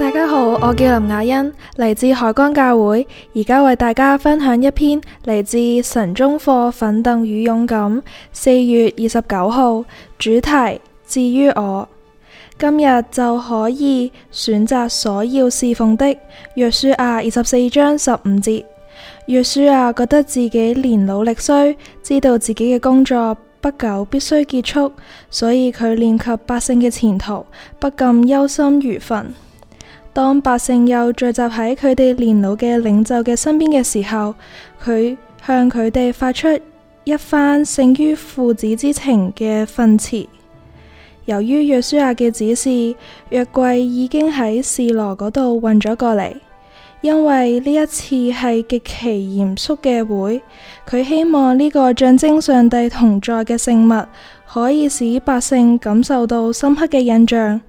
大家好，我叫林雅欣，嚟自海光教會，而家為大家分享一篇嚟自神中課《奮鬥與勇敢》，四月二十九號，主題至於我，今日就可以選擇所要侍奉的。約書亞二十四章十五節，約書亞、啊、覺得自己年老力衰，知道自己嘅工作。不久必須結束，所以佢念及百姓嘅前途，不禁憂心如焚。當百姓又聚集喺佢哋年老嘅領袖嘅身邊嘅時候，佢向佢哋發出一番勝於父子之情嘅訓詞。由於約書亞嘅指示，約櫃已經喺示羅嗰度運咗過嚟。因為呢一次係極其嚴肅嘅會，佢希望呢個象徵上帝同在嘅聖物，可以使百姓感受到深刻嘅印象。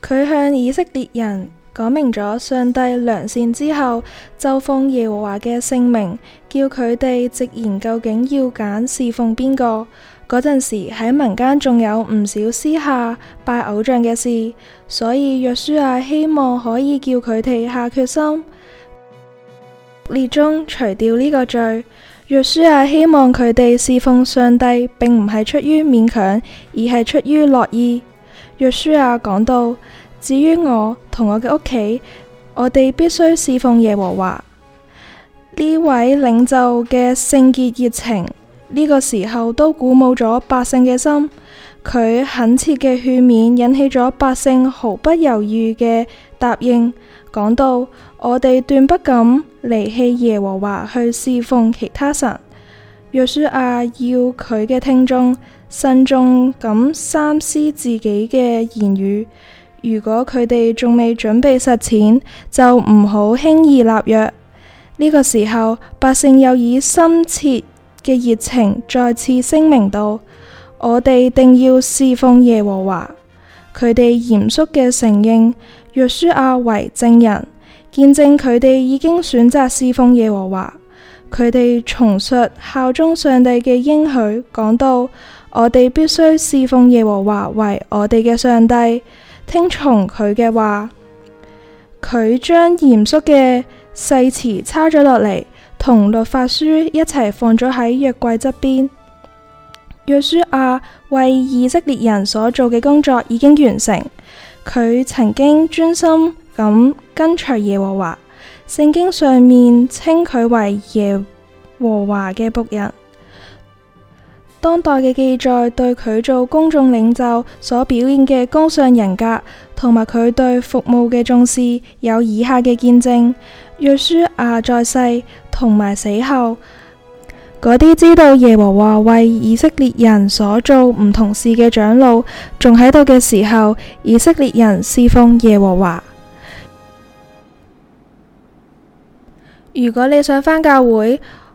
佢向以色列人講明咗上帝良善之後，就奉耶和華嘅聖名，叫佢哋直言究竟要揀侍奉邊個。嗰陣時喺民間仲有唔少私下拜偶像嘅事，所以約書亞希望可以叫佢哋下決心，列中除掉呢個罪。約書亞希望佢哋侍奉上帝，並唔係出於勉強，而係出於樂意。約書亞講到，至於我同我嘅屋企，我哋必須侍奉耶和華。呢位領袖嘅聖潔熱情。呢個時候都鼓舞咗百姓嘅心，佢懇切嘅勸勉引起咗百姓毫不猶豫嘅答應，講到我哋斷不敢離棄耶和華去侍奉其他神。約書亞、啊、要佢嘅聽眾慎重咁三思自己嘅言語，如果佢哋仲未準備實踐，就唔好輕易立約。呢、這個時候，百姓又以深切。嘅熱情再次聲明到：我哋定要侍奉耶和華。佢哋嚴肅嘅承認，約書亞為證人，見證佢哋已經選擇侍奉耶和華。佢哋重述效忠上帝嘅應許，講到：我哋必須侍奉耶和華為我哋嘅上帝，聽從佢嘅話。佢將嚴肅嘅誓詞抄咗落嚟，同律法書一齊放咗喺約櫃側邊。約書亞為以色列人所做嘅工作已經完成，佢曾經專心咁跟隨耶和華，聖經上面稱佢為耶和華嘅僕人。當代嘅記載對佢做公眾領袖所表現嘅高尚人格，同埋佢對服務嘅重視，有以下嘅見證：約書亞、啊、在世同埋死後，嗰啲知道耶和華為以色列人所做唔同事嘅長老，仲喺度嘅時候，以色列人侍奉耶和華。如果你想返教會。